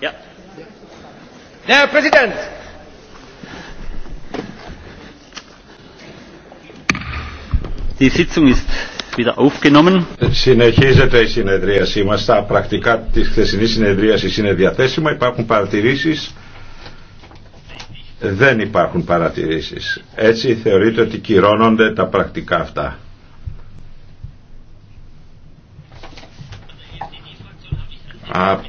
Ja. Die Συνεχίζεται η συνεδρίασή μας. Τα πρακτικά της χθεσινής συνεδρίασης είναι διαθέσιμα. Υπάρχουν παρατηρήσεις. Δεν υπάρχουν παρατηρήσεις. Έτσι θεωρείται ότι κυρώνονται τα πρακτικά αυτά.